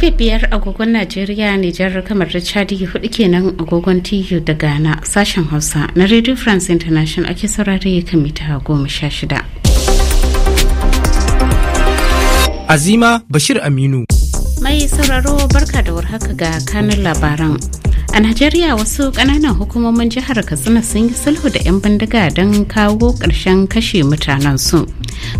karfe biyar agogon najeriya nijar kamar da chadi hudu kenan agogon tiyo da ghana sashen hausa na radio france international ake saurari kan mita goma sha shida azima bashir aminu mai sauraro barka da warhaka ga kanin labaran A Najeriya wasu ƙananan hukumomin jihar Katsina sun yi sulhu da 'yan bindiga don kawo ƙarshen kashe mutanen su.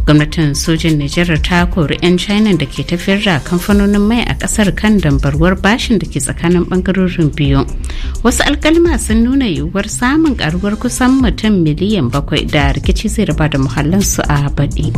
Gwamnatin sojin Najeriya ta kori 'yan China da ke tafiyar da kamfanonin mai a ƙasar kan dambarwar bashin da ke tsakanin ɓangarorin biyu. Wasu alkalma sun nuna yiwuwar samun ƙaruwar kusan mutum miliyan bakwai da rikici zai raba da muhallin su a baɗi.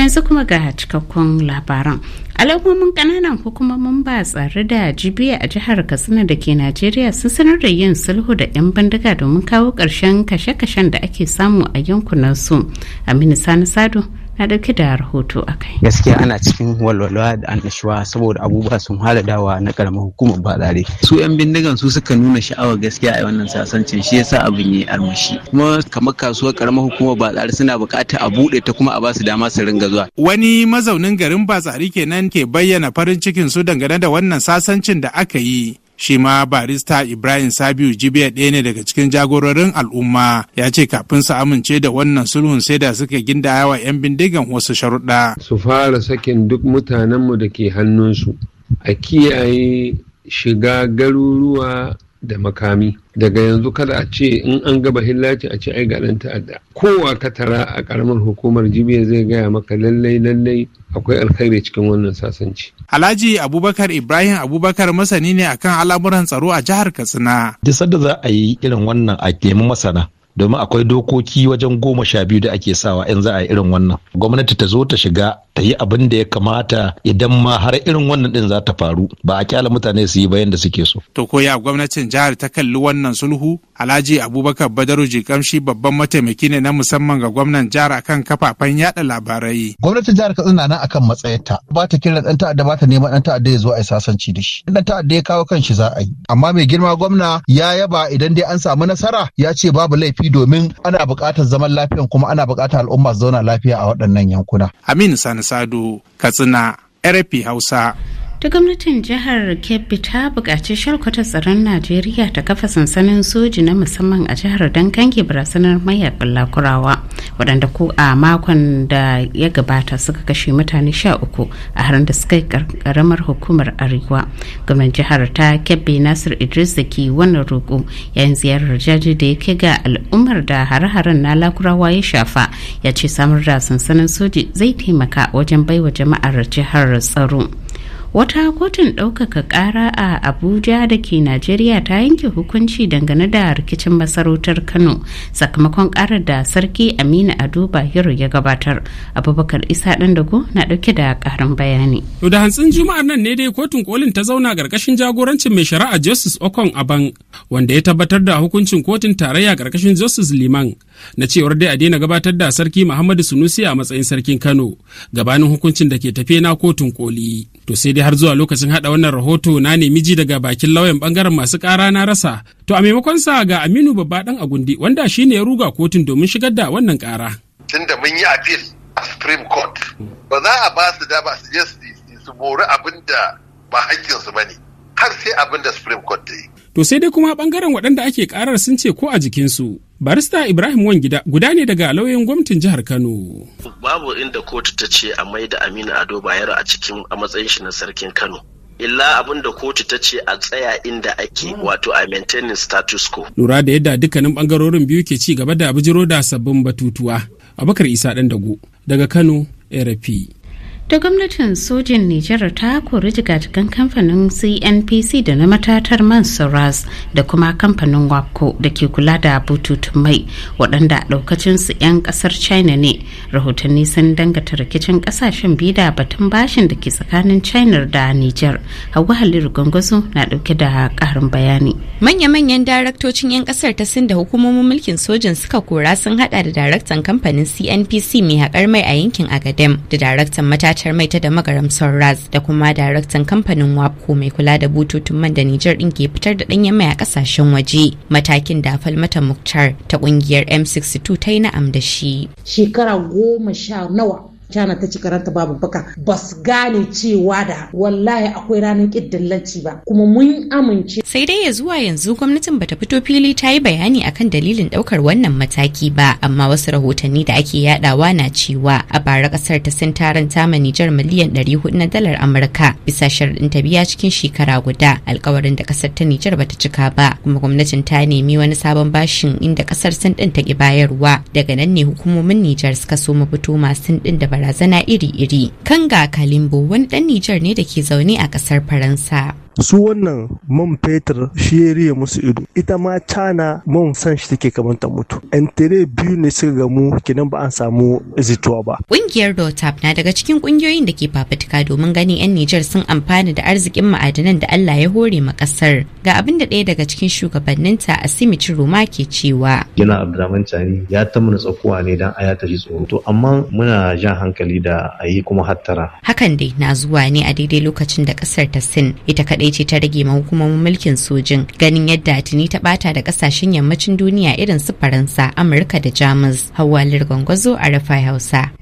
yanzu kuma ga cikakkun labaran alamomin ƙananan hukumomin ba tsare da jibiya a jihar katsina da ke najeriya sun sanar da yin sulhu da 'yan bindiga domin kawo ƙarshen kashe-kashen da ake samu a yankunan su aminu sani sado na dauke da rahoto a kai gaskiya ana cikin walwala da annashuwa saboda abubuwa sun dawa na karamar hukumar bazare su yan bindigan su suka nuna sha'awar gaskiya a wannan sasancin shi yasa abin yi armashi kuma kamar kasuwar karamar hukumar bazare suna bukata a buɗe ta kuma a ba su dama su ringa zuwa wani mazaunin garin batsari kenan ke bayyana farin cikin su dangane da wannan sasancin da aka yi shi ma barista ibrahim sabiu jibiya ɗaya ne daga cikin jagororin al'umma ya ce kafin su amince da wannan sulhun sai da suka gindaya wa 'yan bindigan wasu sharuɗa su fara sakin duk mutanenmu da ke hannunsu a kiyaye shiga garuruwa da makami daga yanzu kada a ce in an gaba hillaci a ce ai ga ɗan ta'adda kowa ka tara a ƙaramar hukumar jibiya zai gaya maka lallai lallai akwai alkhairi cikin wannan sasanci. Alhaji Abubakar Ibrahim Abubakar masani ne akan al'amuran tsaro a jihar Katsina. Duk sanda za a yi irin wannan a nemi masana domin akwai dokoki wajen goma sha biyu da ake sawa in za a yi irin wannan gwamnati ta zo ta shiga ta yi abin da ya kamata idan ma har irin wannan din za ta faru ba a kyala mutane su yi bayan da suke so to ko ya gwamnatin jihar ta kalli wannan sulhu alhaji abubakar badaru jikamshi babban mataimaki ne na musamman ga gwamnan jihar akan kafafen yada labarai gwamnatin jihar katsina nan akan matsayarta ba ta kira dan ta'adda ba ta neman dan ta'adda ya zo a yi sasanci da shi In dan ta'adda ya kawo kan shi za a yi amma mai girma gwamna ya yaba idan dai an samu nasara ya ce babu laifi domin ana buƙatar zaman lafiya kuma ana buƙatar al'umma su zauna lafiya a waɗannan yankuna. Aminu Sani Sado, Katsina, RFI Hausa. ta gwamnatin jihar kebbi ta buƙaci shalkwatar tsaron najeriya ta kafa sansanin soji na musamman a jihar dankange barasanar mayar mayakan lakurawa waɗanda ko a makon da ya gabata suka kashe mutane sha uku a harin da suka yi karamar hukumar arewa gwamnan jihar ta kebbi nasir idris da ke wannan roƙo yayin ziyarar jaji da ya kai ga al'ummar da hare-haren na lakurawa ya shafa ya ce samar da sansanin soji zai taimaka wajen baiwa jama'ar jihar tsaro wata kotun ɗaukaka ƙara a abuja da ke najeriya ta yanke hukunci dangane da rikicin masarautar kano sakamakon ƙarar da sarki aminu ado bahiru ya gabatar abubakar isa dago na ɗauke da ƙarin bayani to da hantsin juma'ar nan ne dai kotun kolin ta zauna karkashin jagorancin mai shari'a justice okon aban wanda ya tabbatar da hukuncin kotun tarayya karkashin justice liman na cewar dai a daina gabatar da sarki muhammadu sunusi a matsayin sarkin kano gabanin hukuncin da ke tafe na kotun koli to sai dai har zuwa lokacin hada wannan rahoto na nemi ji daga bakin lauyan bangaren masu kara na rasa to a maimakon sa ga aminu babba dan agundi wanda shine ya ruga kotun domin shigar da wannan kara tunda mun yi appeal a supreme court ba za a ba su su je su bori abin da ba hakkin ba ne har sai abin da supreme court ta yi to sai dai kuma bangaren waɗanda ake karar sun ce ko a jikin su. barista ibrahim wangida guda ne daga lauyoyin gwamnatin jihar kano babu inda kotu ta ce a mai da aminu ado bayar a cikin a matsayin shi na sarkin kano illa abin da kotu ta ce a tsaya inda ake wato a maintaining status quo. Lura da yadda dukkanin bangarorin biyu ke ci gaba da bijiro da sabbin batutuwa. Abakar Isa Dandago daga Kano, RFI. da gwamnatin sojin nijar ta kori jigajigan kamfanin cnpc da na matatar man saras da kuma kamfanin wapco da ke kula da bututun mai waɗanda su 'yan ƙasar china ne rahotanni sun dangata rikicin ƙasashen biyu da batun bashin da ke tsakanin china da nijar hawa haliru gwangwazo na ɗauke da ƙarin bayani manya-manyan daraktocin 'yan ƙasar ta sin da hukumomin mulkin sojin suka kora sun hada da daraktan kamfanin cnpc mai haƙar mai a yankin agadem da daraktan matatar gabatar mai ta da magaram ras da kuma daraktan kamfanin wapco mai kula da bututun man da nijar din ke fitar da danyen mai a kasashen waje matakin da falmata muktar ta kungiyar m62 ta yi na'am da shi shekara goma sha nawa China ta ci karanta babu baka ba su gane cewa da wallahi akwai ranar ƙiddillanci ba kuma mun amince. Sai dai ya zuwa yanzu gwamnatin bata fito fili ta yi bayani akan dalilin ɗaukar wannan mataki ba amma wasu rahotanni da ake yadawa na cewa a bara ƙasar ta sun taranta ma Nijar miliyan 400 na dalar Amurka bisa sharɗin ta biya cikin shekara guda alkawarin da ƙasar ta Nijar bata cika ba kuma gwamnatin ta nemi wani sabon bashin inda ƙasar sun ɗin ta ki bayarwa daga nan ne hukumomin Nijar suka so mu fito masu ɗin da barazana iri-iri. Kanga Kalimbo wani dan Nijar ne da ke zaune a kasar Faransa. su wannan man fetur shi ya riya musu ido ita ma cana man san shi take kamar ta mutu entere biyu ne suka gamu kinan ba an samu zituwa ba Ƙungiyar dotap na daga cikin ƙungiyoyin da ke fafutuka domin ganin yan nijar sun amfana da arzikin ma'adanan da allah ya hore ma kasar ga abin da ɗaya daga cikin shugabanninta asimi ciroma ke cewa yana abdulrahman cani ya ta mana tsakuwa ne dan aya ta shi tsoro to amma muna jan hankali da a yi kuma hattara hakan dai na zuwa ne a daidai lokacin da ƙasar ta sin ita kaɗai ce ta rage ma hukumomin mulkin sojin ganin yadda tuni ta bata da kasashen yammacin duniya irin su Faransa, Amurka da Jamus. Hawwa Lirgwangwazo a Rafai Hausa.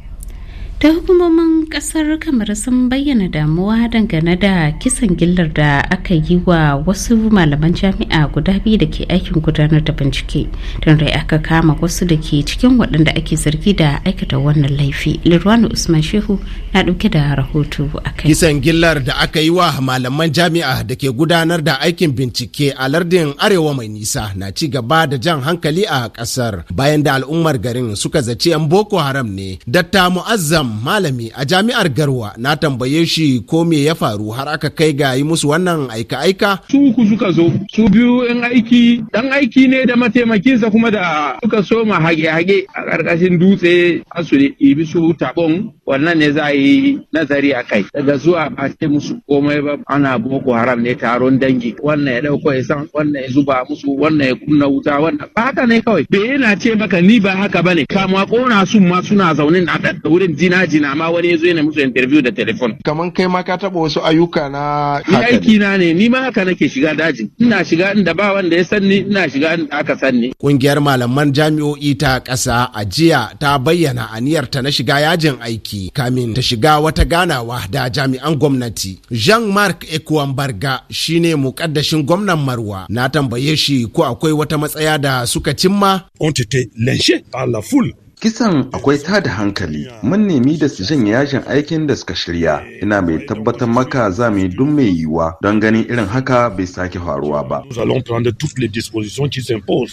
ta hukumomin kasar kamar sun bayyana damuwa dangane da kisan gillar da aka yi wa wasu malaman jami'a guda biyu da ke aikin gudanar da bincike don rai aka kama wasu da ke cikin waɗanda ake zargi da aikata wannan laifi lirwani usman shehu na ɗauke da rahoto a kai kisan gillar da aka yi wa malaman jami'a da ke gudanar da aikin bincike a lardin arewa mai nisa na ci gaba da jan hankali a ƙasar bayan da al'ummar garin suka zaci 'yan boko haram ne datta mu'azzam malami a jami'ar Garwa na tambaye shi ko me ya faru har aka kai ga yi musu wannan aika-aika. Su uku suka zo, su biyu in aiki, dan aiki ne da mataimakinsa kuma da suka ma hage-hage a ƙarƙashin dutse su ibi su tabon wannan ne za a yi nazari a kai. Daga zuwa ba ce musu komai ba ana boko haram ne taron dangi wannan ya ɗauko ya san wannan ya zuba musu wannan ya kunna wuta wannan ba haka ne kawai. Bai yana ce maka ni ba haka bane kama ƙona sun ma suna zaune na da wurin jina daji na ma wani zo yana musu interview da telefon. Kaman kai ma ka taɓa wasu ayyuka na Ni aiki na ne ni ma haka nake shiga daji. Ina shiga inda ba wanda ya sanni ina shiga inda aka sanni. Kungiyar malaman jami'o'i ta ƙasa a jiya ta bayyana aniyarta na shiga yajin aiki kamin ta shiga wata ganawa da jami'an gwamnati. Jean-Marc Ekuambarga shine mukaddashin gwamnan Marwa. Na tambaye shi ko akwai wata matsaya da suka cimma. On par la foule Kisan akwai tada hankali, mun nemi da su janye yajin aikin da suka shirya, ina mai tabbatar maka za mu yi duk mai yiwuwa don ganin irin haka bai sake faruwa ba.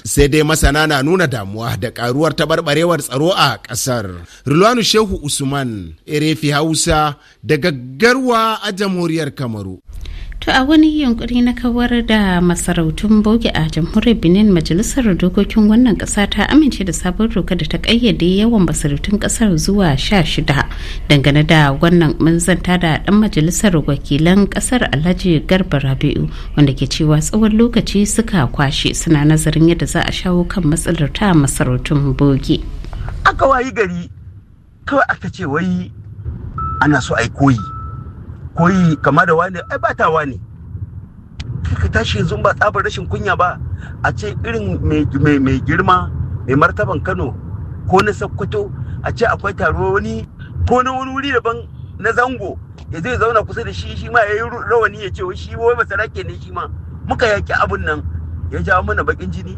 Sai dai masana na nuna damuwa da karuwar tabarbarewar tsaro a kasar Rulwanu Shehu Usman, Erefi Hausa, daga Garwa a Jamhuriyar Kamaru. To a wani yunkuri na kawar da masarautun boge a jamhuriyar Benin majalisar dokokin wannan ƙasa ta amince da sabon doka da ta kayyade yawan masarautun ƙasar zuwa sha shida dangane da wannan manzanta da ɗan majalisar wakilan ƙasar Alhaji Garba Rabi'u wanda ke cewa tsawon lokaci suka kwashe suna nazarin yadda za a shawo kan matsalar ta masarautun boge. Aka wayi gari kawai aka ce wai ana so a yi koyi koyi kama da wani ai ta wani.' ka tashi yanzu ba tsabar rashin kunya ba a ce irin mai girma mai martaban kano ko na sokoto a ce akwai taro wani ko na wani wuri daban na zango ya zai zauna kusa da shi shi ma ya yi rawani ya ce shi wai masarake ne shi ma muka yaki abun nan ya jawo mana bakin jini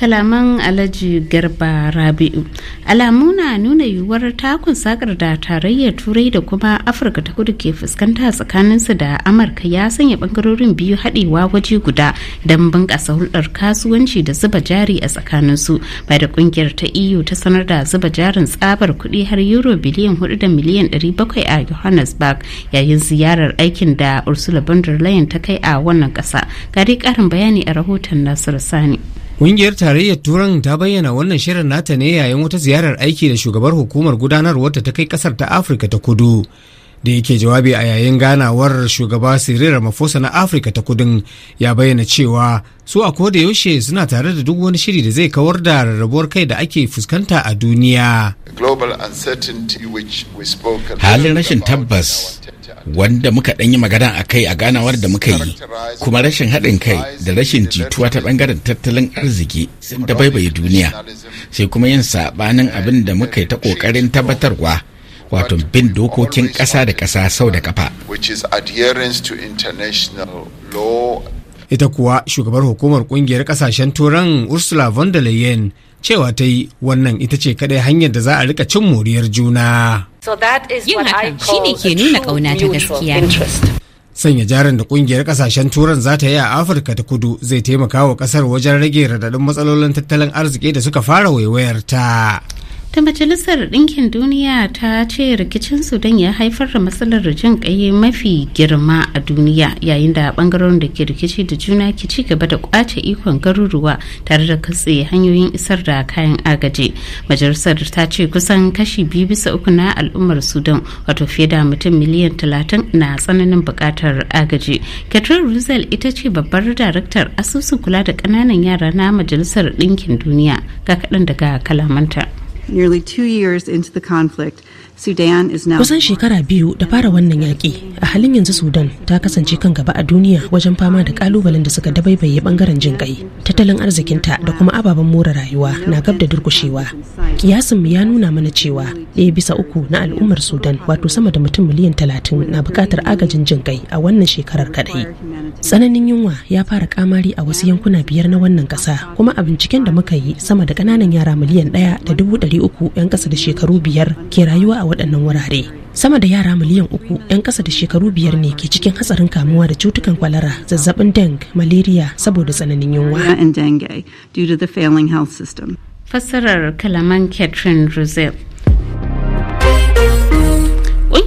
kalaman alhaji garba rabi'u alamu na nuna yiwuwar takun sakar da tarayyar turai da kuma afirka ta kudu ke fuskanta tsakaninsu da amurka ya sanya bangarorin biyu haɗewa waje guda don bunƙasa hulɗar kasuwanci da zuba jari a tsakaninsu ba da ƙungiyar ta eu ta sanar da zuba jarin tsabar kuɗi har euro biliyan hudu da miliyan ɗari bakwai a johannesburg yayin ziyarar aikin da ursula von der ta kai a wannan ƙasa gari ƙarin bayani a rahoton nasiru sani Ƙungiyar tarayyar Turan ta bayyana wannan shirin nata ne yayin wata ziyarar aiki da shugabar hukumar gudanarwar ta kai ƙasar ta Afirka ta kudu. da yake jawabi a yayin ganawar shugaba Cyril Ramaphosa na Afirka ta kudin ya bayyana cewa su a koda yaushe suna tare da duk wani shiri da zai kawar da rarrabuwar kai da ake fuskanta a duniya. Halin rashin tabbas wanda muka ɗanyi magana a kai a ganawar da muka yi kuma rashin haɗin kai da rashin jituwa ta ɓangaren tattalin arziki sun da baibaye duniya sai kuma yin saɓanin abin da muka yi ta ƙoƙarin tabbatarwa wato bin dokokin ƙasa da ƙasa sau da kafa ita kuwa shugabar hukumar kungiyar kasashen turan ursula von der leyen cewa ta yi wannan ita ce kadai hanyar da za a rika cin moriyar juna yin hakan ne ke nuna ƙauna ta gaskiya sanya jarin da kungiyar kasashen turan za ta yi a afirka ta kudu zai taimaka wa kasar wajen rage radadin matsalolin tattalin arziki da suka fara waiwayar ta ta majalisar ɗinkin duniya ta ce rikicin sudan ya haifar da matsalar jin ƙaye mafi girma a duniya yayin da ɓangaren da ke rikici da juna ke ci gaba da kwace ikon garuruwa tare da katse hanyoyin isar da kayan agaji majalisar ta ce kusan kashi biyu bisa uku na al'ummar sudan wato fiye da mutum miliyan talatin na tsananin buƙatar agaji catherine rizal ita ce babbar daraktar asusun kula da ƙananan yara na majalisar ɗinkin duniya ga kaɗan daga kalamanta. nearly two years into the conflict, Kusan shekara biyu da fara wannan yaƙi a halin yanzu Sudan ta kasance kan gaba a duniya wajen fama da kalubalen da suka dabaibaye bangaren jin kai. Tattalin arzikinta da kuma ababen more rayuwa na gab da durkushewa. Kiyasinmu ya nuna mana cewa ɗaya bisa uku na al'ummar Sudan wato sama da mutum miliyan talatin na buƙatar agajin jin kai a wannan shekarar kaɗai. Tsananin yunwa ya fara kamari a wasu yankuna biyar na wannan ƙasa kuma a binciken da muka yi sama da ƙananan yara miliyan ɗaya da dubu ɗari uku 'yan ƙasa da shekaru biyar ke rayuwa a waɗannan wurare sama da yara miliyan uku 'yan ƙasa da shekaru biyar ne ke cikin hatsarin kamuwa da cutukan kwalara zazzabin deng malaria saboda tsananin yunwa fassarar kalaman catherine roselle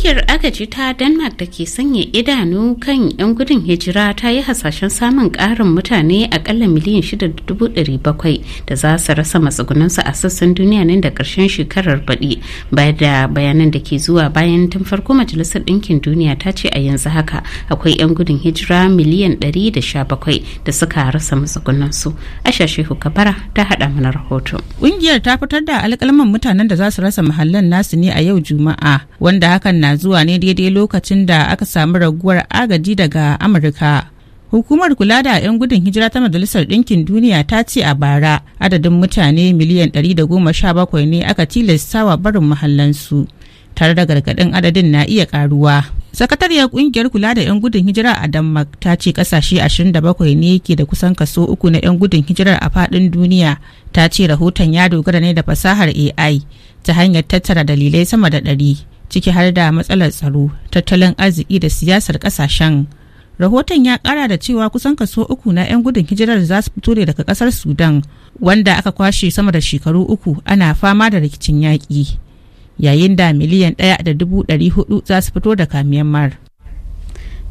Ƙungiyar agaji ta Denmark da ke sanya idanu kan 'yan gudun hijira ta yi hasashen samun ƙarin mutane akalla miliyan 6,700 da za su rasa matsugunansu a sassan duniya nan da ƙarshen shekarar baɗi bayan da bayanan da ke zuwa bayan tun farko majalisar ɗinkin duniya ta ce a yanzu haka akwai 'yan gudun hijira miliyan 117 da suka rasa matsugunansu. Asha Shehu Kabara ta haɗa mana rahoto. Ƙungiyar ta fitar da alƙalman mutanen da za su rasa mahallan nasu ne a yau Juma'a wanda hakan na zuwa ne daidai lokacin da aka samu raguwar agaji daga Amurka. Hukumar kula da 'yan gudun hijira ta Majalisar Ɗinkin Duniya ta ce a bara adadin mutane miliyan 117 ne aka tilastawa barin mahallansu tare da gargaɗin adadin na iya ƙaruwa. Sakatariyar ƙungiyar kula da 'yan gudun hijira a Denmark ta ce ƙasashe 27 ne ke da kusan kaso uku na 'yan gudun hijirar a faɗin duniya. Ta ce rahoton ya dogara ne da fasahar AI ta hanyar tattara dalilai sama da ɗari. ciki har da matsalar tsaro tattalin arziki da siyasar kasashen rahoton ya kara da cewa kusan kaso uku na 'yan gudun hijirar za su fito ne daga kasar sudan wanda aka kwashe sama da shekaru uku ana fama da rikicin yaƙi yayin da miliyan ɗaya da dubu ɗari hudu za su fito daga myanmar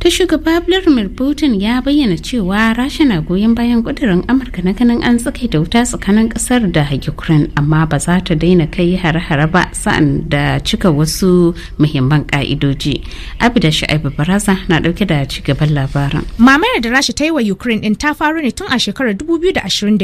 ta shugaba vladimir putin ya bayyana cewa rasha na goyon bayan kudirin amurka na ganin an tsakai da wuta tsakanin kasar da ukraine amma ba za ta daina kai hare-hare ba sa'an da cika wasu muhimman ka'idoji abida sha'ibu baraza na dauke da cigaban labarin mamayar da rasha ta yi wa ukraine din ta faru ne tun a shekarar 2022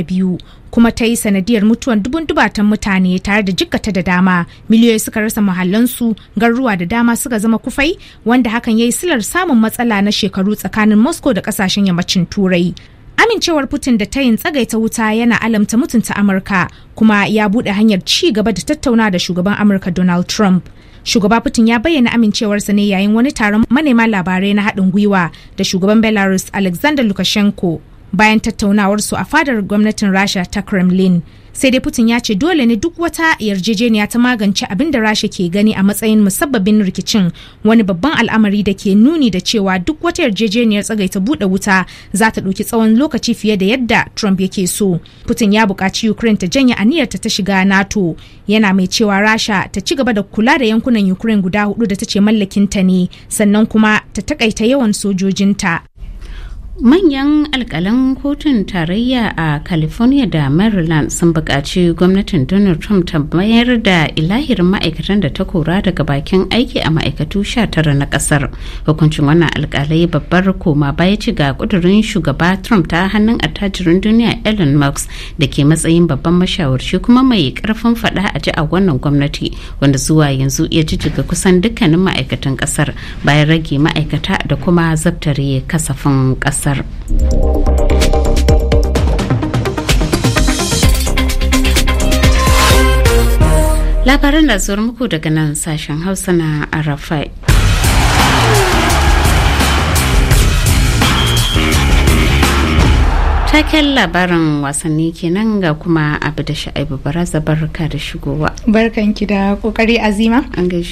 kuma ta yi sanadiyar mutuwan dubun dubatan mutane tare da jikkata da dama miliyoyi suka rasa muhallansu garuruwa da dama suka zama kufai wanda hakan ya yi silar samun matsala na shekaru tsakanin moscow da kasashen yammacin turai amincewar putin da tayin tsagaita wuta yana alamta mutunta amurka kuma ya buɗe hanyar ci gaba da tattauna da shugaban amurka donald trump shugaba putin ya bayyana amincewarsa ne yayin wani taron manema labarai na haɗin gwiwa da shugaban belarus alexander lukashenko bayan tattaunawar su a fadar gwamnatin rasha ta kremlin sai dai putin ya ce dole ne duk wata yarjejeniya ta magance abin da rasha ke gani a matsayin musabbabin rikicin wani babban al'amari da ke nuni da cewa duk wata yarjejeniyar tsagaita buɗe wuta za ta ɗauki tsawon lokaci fiye da yadda trump yake so putin ya buƙaci ukraine ta janye aniyarta ta shiga nato yana mai cewa rasha ta ci gaba da kula da yankunan ukraine guda hudu da ta ce mallakinta ne sannan kuma ta takaita yawan sojojinta manyan alkalan kotun tarayya a california da maryland sun buƙaci gwamnatin donald trump ta mayar da ilahir ma'aikatan da ta kora daga bakin aiki a ma'aikatu 19 na ƙasar hukuncin wannan alkalai babbar koma baya ci ga ƙudurin shugaba trump ta hannun attajirin duniya elon musk da ke matsayin babban mashawarci kuma mai karfin faɗa a ji a wannan gwamnati wanda zuwa yanzu ya jijjiga kusan dukkanin ma'aikatan ƙasar bayan rage ma'aikata da kuma zabtare kasafin ƙasa kasar. labaran na zuwar muku daga nan sashen hausa na arafai Taken labarin wasanni kenan ga kuma abu da sha'ibu baraza barka da shigowa. Barkan ki da kokari azima.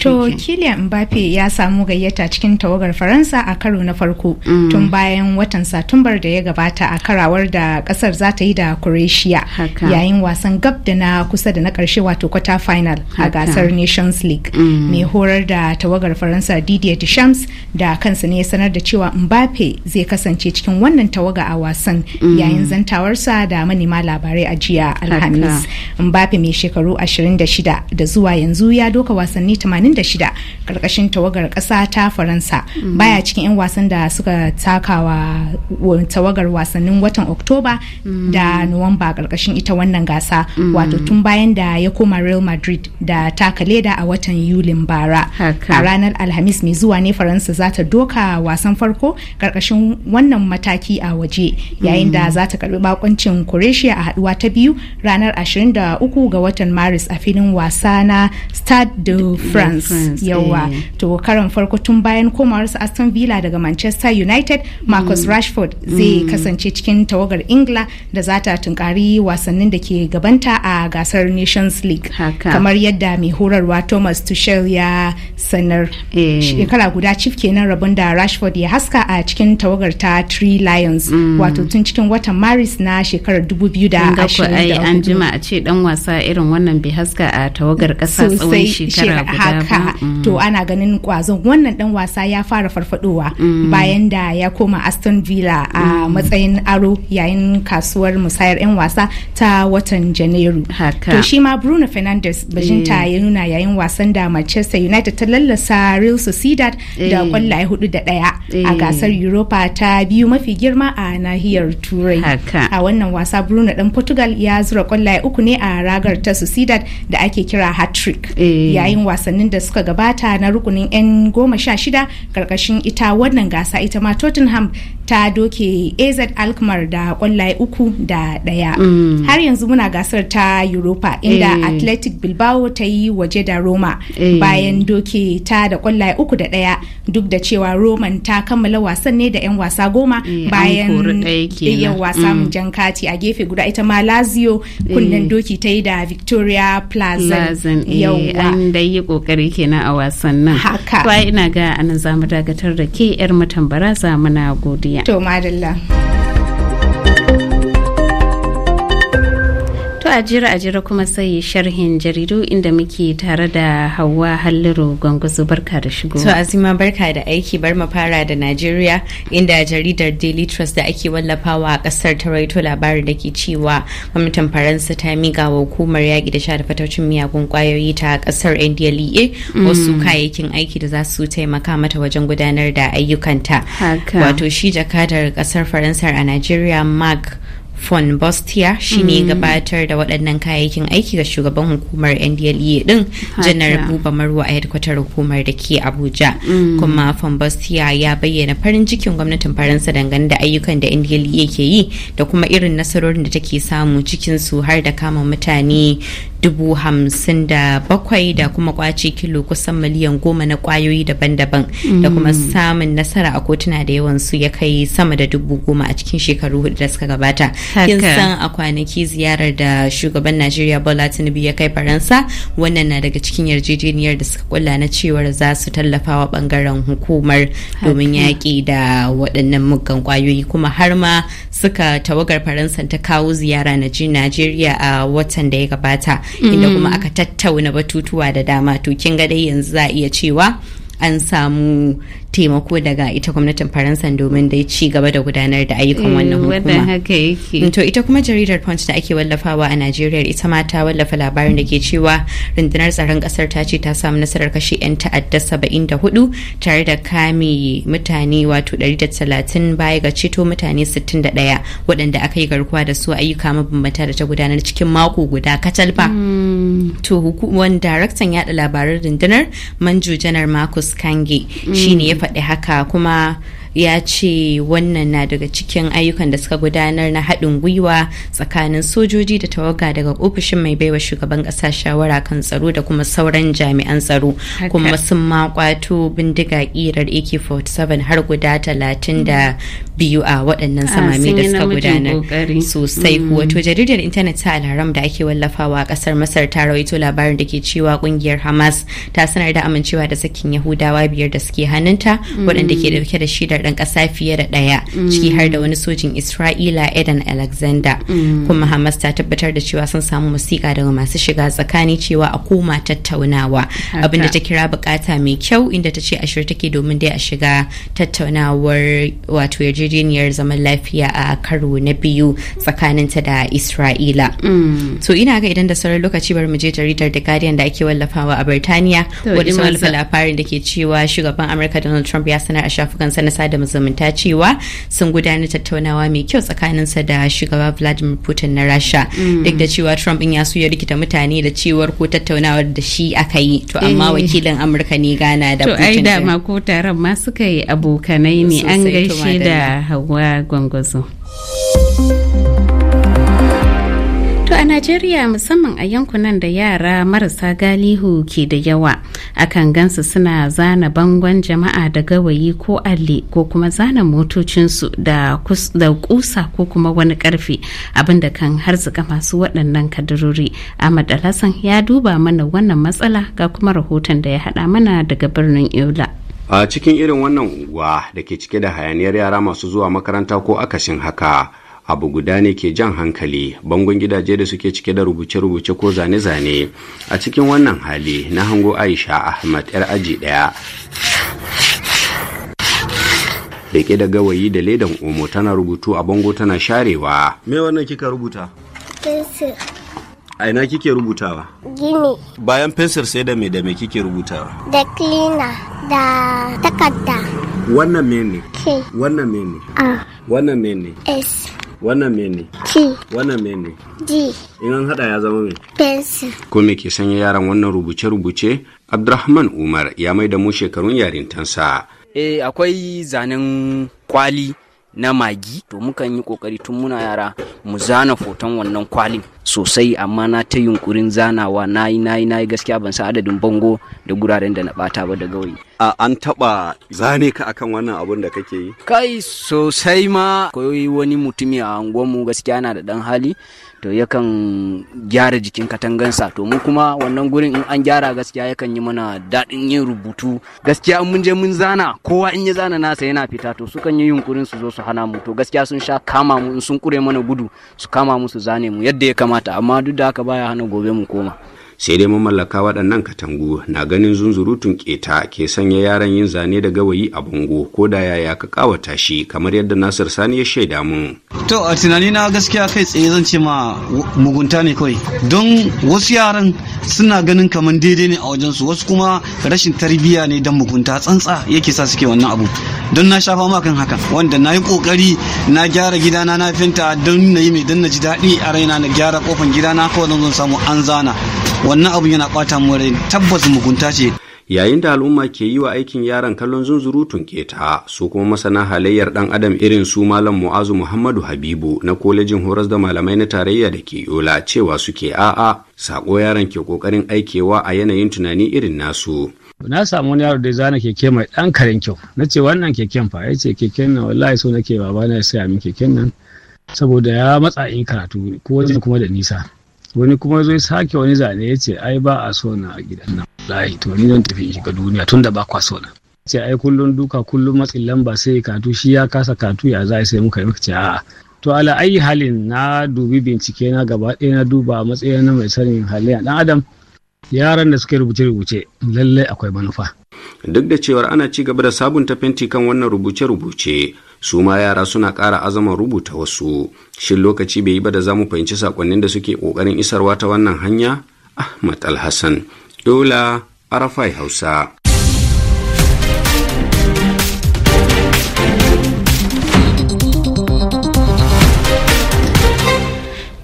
To kilian Mbappe ya samu gayyata cikin tawagar Faransa a karo na farko mm. tun bayan watan Satumbar da ya gabata a karawar da kasar za ta yi da Croatia yayin wasan gab da na kusa da na karshe wato kwata final a gasar Nations League. Mm. Mai horar da tawagar Faransa Didier Deschamps da kansa ne ya sanar da cewa Mbappe zai kasance cikin wannan tawaga a wasan mm. yayin yayin mm. zantawarsa da manema labarai a jiya alhamis mbappe mai shekaru 26 da zuwa yanzu ya doka wasanni 86 karkashin tawagar ƙasa ta faransa mm. baya cikin 'yan wasan da suka takawa tawagar wasannin watan oktoba mm. da nuwamba karkashin ita wannan gasa wato tun bayan da ya koma real madrid da taka leda a watan yulin bara a ranar alhamis mai zuwa ne faransa za ta doka wasan farko karkashin wannan mataki a waje yayin da za ta karbi bakoncin Croatia a haduwa ta biyu ranar 23 ga watan Maris a filin wasa na Stade de France. Eh. Yawa. To karan farko tun bayan komawarsa Aston Villa daga Manchester United, Marcus mm. Rashford zai mm. kasance cikin tawagar Ingila da za ta tunkari wasannin da ke gabanta a gasar Nations League. Kamar yadda mai horarwa Thomas Tuchel ya sanar. Eh. Shekara guda cif kenan rabon da Rashford ya haska a cikin tawagar ta Three Lions. Mm. Wato tun cikin watan maris na shekarar 2020 an jima a ce dan wasa irin wannan bai haska a tawagar kasa tsawon shekara guda mm. to ana ganin kwazon wannan dan wasa ya fara farfadowa mm. bayan da ya koma aston villa a mm. matsayin aro yayin kasuwar musayar 'yan wasa ta watan janairu to shi ma bruno fernandes bajinta eh. ya nuna yayin wasan da manchester united ta lallasa real sociedad da kwallaye eh. hudu da daya a eh. gasar europa ta biyu mafi girma a nahiyar turai a wannan wasa bruno dan portugal ya zura kwallaye uku ne a ragar ta susidad da ake kira hat-trick eh. yayin wasannin da suka gabata na rukunin 'yan goma sha shida karkashin ita wannan gasa ita ma tottenham ta doke az alkmar da kwallaye uku da daya mm. har yanzu muna gasar ta europa inda eh. athletic bilbao ta yi waje da roma eh. bayan doke ta da kwallaye uku da daya duk da cewa roman ta kammala wasan ne da 'yan wasa goma eh, bayan yan wasa mm. jan kati a gefe guda ita ma lazio kunnen eh. doki ta yi da victoria plaza eh, yawwa an da yi kokari kenan a wasannin haka ina ga anan zamu dakatar da ke yar matambara za muna godiya Duniya. To madalla. To a jira a jira kuma sai sharhin jaridu inda muke tare da Hauwa Halliru Gwangwazo barka da shigo. To Azima barka da aiki bar mu da Najeriya inda jaridar Daily Trust da ake wallafawa a kasar ta raito labarin da ke cewa gwamnatin Faransa ta miga wa hukumar yaki da shada fataucin miyagun kwayoyi ta kasar NDLEA mm. wasu kayayyakin aiki da za su taimaka mata wajen gudanar da ayyukanta. Wato shi jakadar kasar Faransa a Najeriya Mark von Bostia shi ne mm. gabatar da waɗannan kayayyakin aiki ga shugaban hukumar NDLEA din janar Buba Marwa a hedkwatar hukumar da ke Abuja. Mm. Kuma von Bostia ya bayyana farin cikin gwamnatin Faransa dangane da ayyukan da NDLEA ke yi da kuma irin nasarorin da take samu cikin su har da kama mutane dubu hamsin da bakwai da kuma kwace kilo kusan miliyan goma na kwayoyi daban-daban da kuma mm. samun nasara a kotuna da yawan su ya kai sama da dubu goma a cikin shekaru hudu da suka gabata kin san a kwanaki ziyarar da shugaban najeriya bola tinubu ya kai faransa wannan na daga cikin yarjejeniyar da suka kulla na cewar za su tallafa wa bangaren hukumar domin yaƙi da waɗannan muggan kwayoyi kuma har ma suka tawagar faransa ta kawo ziyara na najeriya a watan da ya gabata inda kuma mm. aka tattauna batutuwa da dama to kin ga dai yanzu za a iya cewa an samu taimako daga ita gwamnatin faransa domin dai ci gaba da gudanar da ayyukan eh, wannan hukuma to ita kuma jaridar punch da ake wallafawa a najeriya ita ma ta wallafa labarin da ke cewa rundunar tsaron kasar ta ce ta samu nasarar kashe 'yan ta'adda 74 tare da kame mutane wato 130 baya ga ceto mutane 61 waɗanda aka yi garkuwa da su ayyuka mabambanta da ta gudanar cikin mako guda kacal ba hmm. to hukumar daraktan yaɗa labaran rundunar manjo janar marcus Mm. shi ne ya faɗi haka kuma ya ce wannan na daga cikin ayyukan da suka gudanar na haɗin gwiwa tsakanin sojoji da tawaga daga ofishin mai baiwa shugaban ƙasa shawara kan tsaro da kuma sauran jami'an tsaro kuma sun ma bindiga ƙirar ak-47 har guda talatin da biyu a waɗannan ah, samami da suka gudanar sosai kuwa mm. jaridar intanet ta alharam da ake wallafawa a ƙasar masar ta rawaito labarin da ke cewa ƙungiyar hamas ta sanar da amincewa da sakin yahudawa biyar da suke hannunta waɗanda ke dauke mm. da shidar ɗan ƙasa fiye da ɗaya ciki har da wani sojin Isra'ila Eden Alexander kuma Hamas ta tabbatar da cewa sun samu musika daga masu shiga tsakani cewa a koma tattaunawa abin da ta kira bukata mai kyau inda ta ce a shirye take domin dai a shiga tattaunawar wato yarjejeniyar zaman lafiya a karo na biyu tsakaninta da Isra'ila. Mm. So ina ga idan da sauran lokaci bar mu je jaridar da Guardian da ake wallafawa a Birtaniya wadda labarin da ke cewa shugaban Amurka Donald Trump ya sanar a shafukansa na sada da zumunta cewa sun gudanar tattaunawa mai kyau tsakanin sa da shugaba Vladimir Putin na Rasha mm. duk da cewa Trump ya so ya rikita mutane da cewar ko tattaunawar da shi aka yi to amma eh. wakilin Amurka ne gana da Putin. To ai da ma ko taron ma suka yi abokanai ne an gaishe da hawa Gwangwazo. Najeriya musamman a yankunan da yara marasa galihu ke da yawa akan gansu suna zana bangon jama'a da gawayi ko alli ko kuma zana motocinsu da kusa ko kuma wani karfe abinda kan harzika masu waɗannan kadarori. Ahmad Alhassan ya duba mana wannan matsala ga kuma rahoton da ya haɗa mana daga birnin Yola. A cikin irin wannan unguwa da ke cike da hayaniyar yara masu zuwa makaranta ko akashin haka. abu guda ne ke jan hankali bangon gidaje da suke cike da rubuce-rubuce ko zane-zane a cikin wannan hali na hango aisha ahmad yar aji daya rike da gawayi da ledan omo tana rubutu a bango tana sharewa me wannan kika rubuta a ina kike rubutawa gini bayan fensir sai da me da me kike rubutawa da cleaner da takarda wannan mene wannan mene a wannan mene s Wannan mene? T. Wannan mene? ne. In an haɗa ya zama me? Pencil. Ko me ke sanya yaran wannan rubuce-rubuce? Abdurrahman Umar ya mai da mu shekarun yarintansa. Eh akwai zanen kwali na magi to mukan yi kokari tun muna yara mu zana foton wannan kwalin sosai amma na ta yunkurin zanawa na yi na yi na yi gaskiya ban san adadin bango da guraren da na bata ba da gawayi. A an taba zane ka akan wannan abun da kake yi? Kai sosai ma koyi wani mutumi a anguwanmu gaskiya na da dan hali to yakan gyara jikin katangansa to mu kuma wannan gurin in an gyara gaskiya yakan yi mana daɗin yin rubutu gaskiya mun je mun zana kowa in ya zana nasa yana fita to sukan yi yunkurin su zo su hana mu to gaskiya sun sha kama mu in sun kure mana gudu su kama mu su zane mu yadda ya kamata amma duk da haka baya hana gobe mu koma sai dai mallaka waɗannan katangu na ganin zunzurutun keta ke sanya yaran yin zane da gawayi a bango ko da yaya ka kawata shi kamar yadda nasir sani ya shaida mun to a tunani na gaskiya kai tsaye zan ce ma mugunta ne kawai don wasu yaran suna ganin kamar daidai ne a wajen su wasu kuma rashin tarbiyya ne don mugunta tsantsa yake sa suke wannan abu don na shafa ma kan hakan wanda na yi kokari na gyara gidana na fenta don na yi mai don na ji daɗi a raina na gyara kofan gidana kawai don zan samu an zana wannan abun yana kwata mu rai tabbas mugunta ce yayin da al'umma ke yi wa aikin yaran kallon zunzuru tun keta su kuma masana halayyar dan adam irin su malam mu'azu muhammadu habibu na kolejin horas da malamai na tarayya da ke yola cewa suke a'a sako yaran ke kokarin aikewa a yanayin tunani irin nasu na samu wani yaro da zana keke mai dan karen kyau na ce wannan keken fa yace keken nan wallahi so nake baba na saya min keken nan saboda ya matsa in karatu ko wajen kuma da nisa wani kuma zai sake wani zane ya ce ai ba a so na a gidan nan lahi to ni zan tafi shiga duniya tun da ba kwa so na ce ai kullun duka kullun matsin lamba sai katu shi ya kasa katu ya za a sai muka yi muka ce a'a to ala ayi halin na dubi bincike na gaba ɗaya na duba matsayin na mai sanin a ɗan adam yaran da suka rubuce rubuce lallai akwai manufa duk da cewar ana ci gaba da sabunta fenti kan wannan rubuce-rubuce su ma yara suna ƙara azaman rubuta wasu shin lokaci bai yi ba da za mu fahimci saƙonnin da suke ƙoƙarin isarwa ta wannan hanya ahmad alhassan dola arafai hausa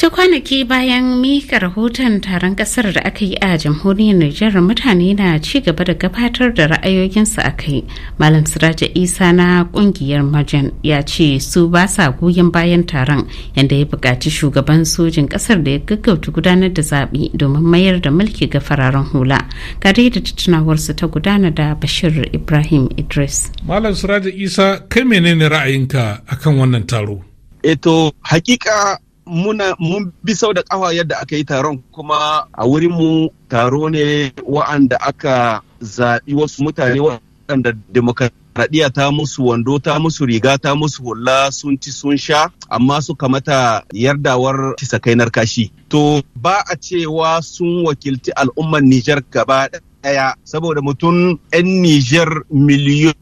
ta kwanaki bayan mika rahoton taron kasar da aka yi a jamhuriyar nijar mutane na ci gaba da gabatar da ra'ayoyinsu a kai malam siraja isa na kungiyar majan ya ce su ba sa goyon bayan taron yadda ya buƙaci shugaban sojin kasar da ya gaggauta gudanar da zaɓe domin mayar da mulki ga fararen hula gare da tattunawarsu ta gudana da bashir ibrahim idris malam siraja isa kai menene ra'ayinka akan wannan taro eto eh hakika muna mun bi sau da kawa yadda aka yi taron kuma a wurinmu taro ne wa'anda aka zaɓi wasu mutane waɗanda demokaradiyya ta musu wando ta musu riga ta musu hula sun ci sun sha amma suka mata yardawar kisa kai kashi to ba a cewa sun wakilci al'ummar Nijar gaba ɗaya saboda mutum 'yan Nijar miliyon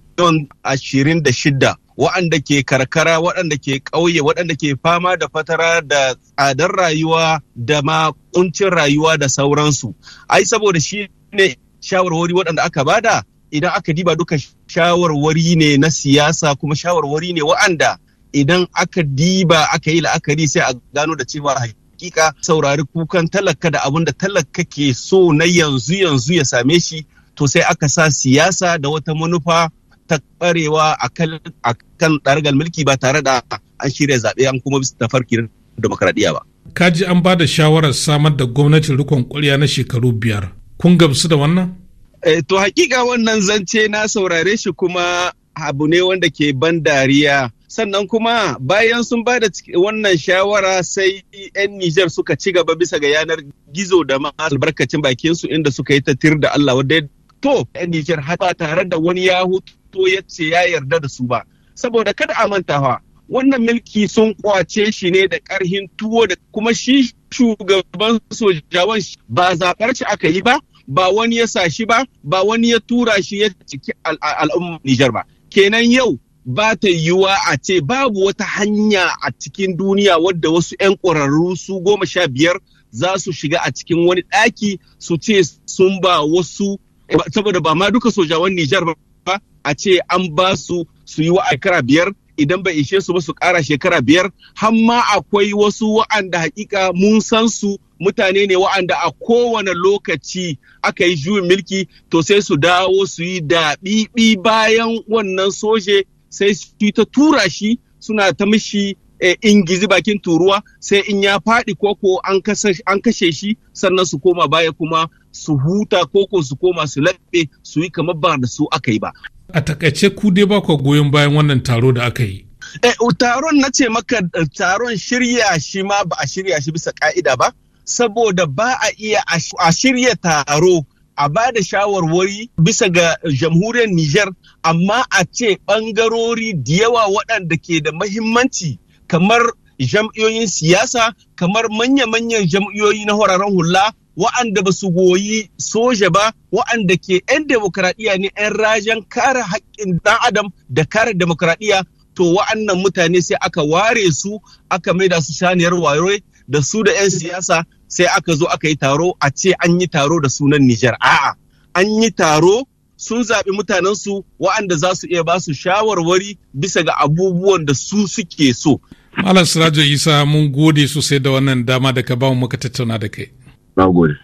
ashirin da shida waɗanda ke karkara waɗanda ke ƙauye waɗanda ke fama da fatara da tsadar rayuwa da ma kuncin rayuwa da sauransu ai saboda shi ne shawarwari waɗanda aka bada idan aka diba duka shawarwari ne na siyasa kuma shawarwari ne wa'anda idan aka diba aka yi la'akari sai a gano da cewa hakika saurari kukan talaka da abin da talaka ke so na yanzu yanzu ya same shi to sai aka sa siyasa da wata manufa ta barewa a kan ɗargal mulki ba tare da an shirya zaɓe an kuma bisa tafarkin demokradiyya ba. Kaji an ba da shawarar samar da gwamnatin rikon ƙwarya na shekaru biyar. Kun gamsu da wannan? Eh, to hakika wannan zance na saurare shi kuma abu ne wanda ke ban dariya. Sannan kuma bayan sun ba da wannan shawara sai 'yan Nijar suka ci gaba bisa ga yanar gizo da ma albarkacin bakinsu inda suka yi ta tir da Allah wadda To, ‘yan Nijar haɗa tare da wani ya hutu fito ya ce ya yarda da su ba saboda kada a mantawa wannan milki sun kwace shi ne da karhin tuwo da kuma shi shugaban sojawan ba zaɓar shi aka yi ba ba wani ya sa shi ba ba wani ya tura shi ya ciki al'ummar Nijar ba kenan yau ba ta yiwuwa a ce babu wata hanya a cikin duniya wadda wasu 'yan ƙwararru su goma sha biyar za su shiga a cikin wani ɗaki su ce sun ba wasu saboda ba ma duka sojawan Nijar ba ba a ce an ba su su yi shekara biyar idan bai ishe su ba su kara shekara biyar har ma akwai wasu wa'anda hakika mun san su mutane ne wa'anda a kowane lokaci aka yi juyin milki to sai su dawo su yi daɓiɓi bayan wannan soje sai su ta tura shi suna ta mishi e, ingizi bakin turuwa sai in ya faɗi koko an kashe shi sannan su koma baya kuma su huta koko su koma su laɓe su yi kamar ba da su aka yi ba. A takaice ku dai ba ku goyon bayan wannan taro da aka yi. E, taron na ce maka eh, taron shirya shi ma ba a shirya shi bisa ka'ida ba, saboda ba a iya a shirya taro a ba da shawarwari bisa ga jamhuriyar Nijar, amma a ce ɓangarori da yawa waɗanda ke da mahimmanci kamar jam'iyoyin siyasa kamar manya-manyan jam'iyoyi na horaren hula wa'anda ba su goyi soja ba wa'anda ke 'yan demokradiyya ne 'yan rajen kare haƙƙin ɗan adam da kare demokradiyya to wa'annan mutane sai aka ware su aka maida su shaniyar ware da su da 'yan siyasa sai aka zo aka yi taro a ce an yi taro da sunan Nijar. A'a, an yi taro sun zaɓi mutanensu wa'anda za su iya ba su shawarwari bisa ga abubuwan da su suke so. Malam Sirajo Isa mun gode sosai da wannan dama da ka ba mu muka tattauna da kai. Na gode.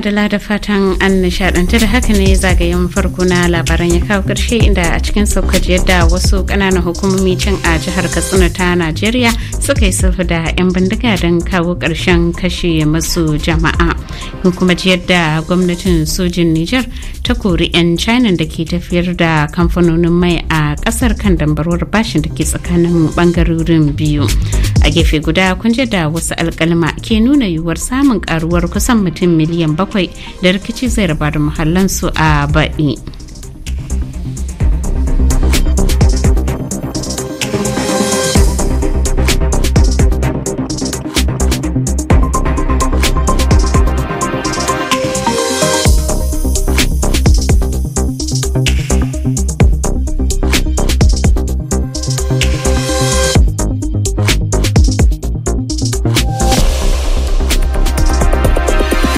madala da fatan an nishadanta da haka ne zagayen farko na labaran ya kawo karshe inda a cikin saukar yadda wasu kananan hukumomi can a jihar katsina ta najeriya suka yi sulhu da 'yan bindiga don kawo karshen kashe masu jama'a kuma da gwamnatin sojin niger ta kori 'yan china da ke tafiyar da kamfanonin mai a kasar kan dambarwar bashin da ke tsakanin bangarorin biyu a gefe guda kun ji da wasu alkalma ke nuna yiwuwar samun karuwar kusan mutum miliyan bakwai da rikici zai raba da muhallansu a baɗi.